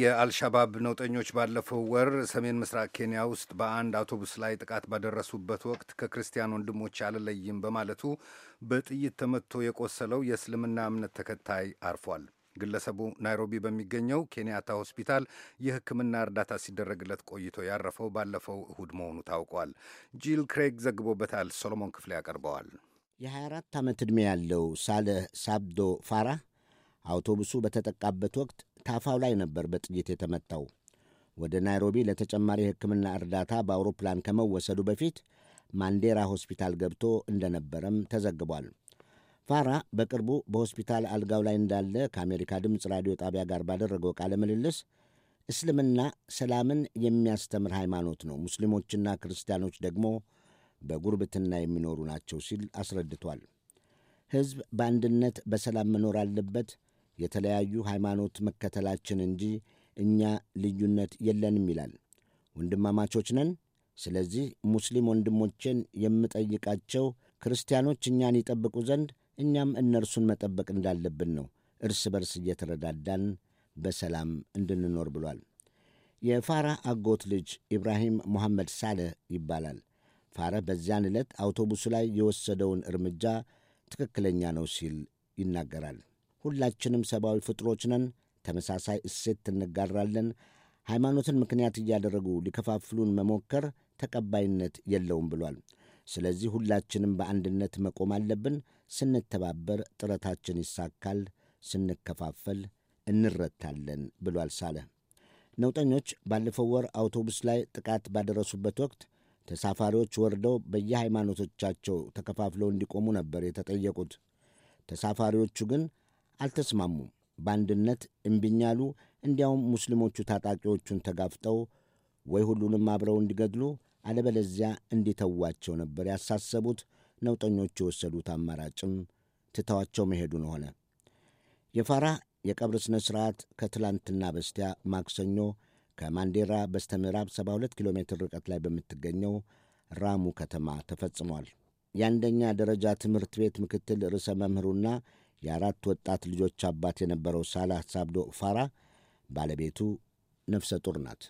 የአልሻባብ ነውጠኞች ባለፈው ወር ሰሜን ምስራቅ ኬንያ ውስጥ በአንድ አውቶቡስ ላይ ጥቃት ባደረሱበት ወቅት ከክርስቲያን ወንድሞች አልለይም በማለቱ በጥይት ተመትቶ የቆሰለው የእስልምና እምነት ተከታይ አርፏል። ግለሰቡ ናይሮቢ በሚገኘው ኬንያታ ሆስፒታል የሕክምና እርዳታ ሲደረግለት ቆይቶ ያረፈው ባለፈው እሁድ መሆኑ ታውቋል። ጂል ክሬግ ዘግቦበታል። ሶሎሞን ክፍሌ ያቀርበዋል። የ24 ዓመት ዕድሜ ያለው ሳለህ ሳብዶ ፋራ አውቶቡሱ በተጠቃበት ወቅት ታፋው ላይ ነበር በጥይት የተመታው። ወደ ናይሮቢ ለተጨማሪ ሕክምና እርዳታ በአውሮፕላን ከመወሰዱ በፊት ማንዴራ ሆስፒታል ገብቶ እንደነበረም ተዘግቧል። ፋራ በቅርቡ በሆስፒታል አልጋው ላይ እንዳለ ከአሜሪካ ድምፅ ራዲዮ ጣቢያ ጋር ባደረገው ቃለ ምልልስ እስልምና ሰላምን የሚያስተምር ሃይማኖት ነው፣ ሙስሊሞችና ክርስቲያኖች ደግሞ በጉርብትና የሚኖሩ ናቸው ሲል አስረድቷል። ሕዝብ በአንድነት በሰላም መኖር አለበት የተለያዩ ሃይማኖት መከተላችን እንጂ እኛ ልዩነት የለንም ይላል። ወንድማማቾች ነን። ስለዚህ ሙስሊም ወንድሞቼን የምጠይቃቸው ክርስቲያኖች እኛን ይጠብቁ ዘንድ እኛም እነርሱን መጠበቅ እንዳለብን ነው፣ እርስ በርስ እየተረዳዳን በሰላም እንድንኖር ብሏል። የፋራህ አጎት ልጅ ኢብራሂም ሞሐመድ ሳልህ ይባላል። ፋረህ በዚያን ዕለት አውቶቡሱ ላይ የወሰደውን እርምጃ ትክክለኛ ነው ሲል ይናገራል። ሁላችንም ሰብአዊ ፍጥሮች ነን፣ ተመሳሳይ እሴት እንጋራለን። ሃይማኖትን ምክንያት እያደረጉ ሊከፋፍሉን መሞከር ተቀባይነት የለውም ብሏል። ስለዚህ ሁላችንም በአንድነት መቆም አለብን። ስንተባበር ጥረታችን ይሳካል፣ ስንከፋፈል እንረታለን ብሏል ሳለህ። ነውጠኞች ባለፈው ወር አውቶቡስ ላይ ጥቃት ባደረሱበት ወቅት ተሳፋሪዎች ወርደው በየሃይማኖቶቻቸው ተከፋፍለው እንዲቆሙ ነበር የተጠየቁት። ተሳፋሪዎቹ ግን አልተስማሙም። በአንድነት እምቢኛሉ። እንዲያውም ሙስሊሞቹ ታጣቂዎቹን ተጋፍጠው ወይ ሁሉንም አብረው እንዲገድሉ አለበለዚያ እንዲተዋቸው ነበር ያሳሰቡት። ነውጠኞቹ የወሰዱት አማራጭም ትተዋቸው መሄዱን ሆነ። የፋራ የቀብር ሥነ ሥርዓት ከትላንትና በስቲያ ማክሰኞ ከማንዴራ በስተ ምዕራብ 72 ኪሎ ሜትር ርቀት ላይ በምትገኘው ራሙ ከተማ ተፈጽሟል። የአንደኛ ደረጃ ትምህርት ቤት ምክትል ርዕሰ መምህሩና የአራት ወጣት ልጆች አባት የነበረው ሳላህ ሳብዶ ፋራ ባለቤቱ ነፍሰ ጡር ናት።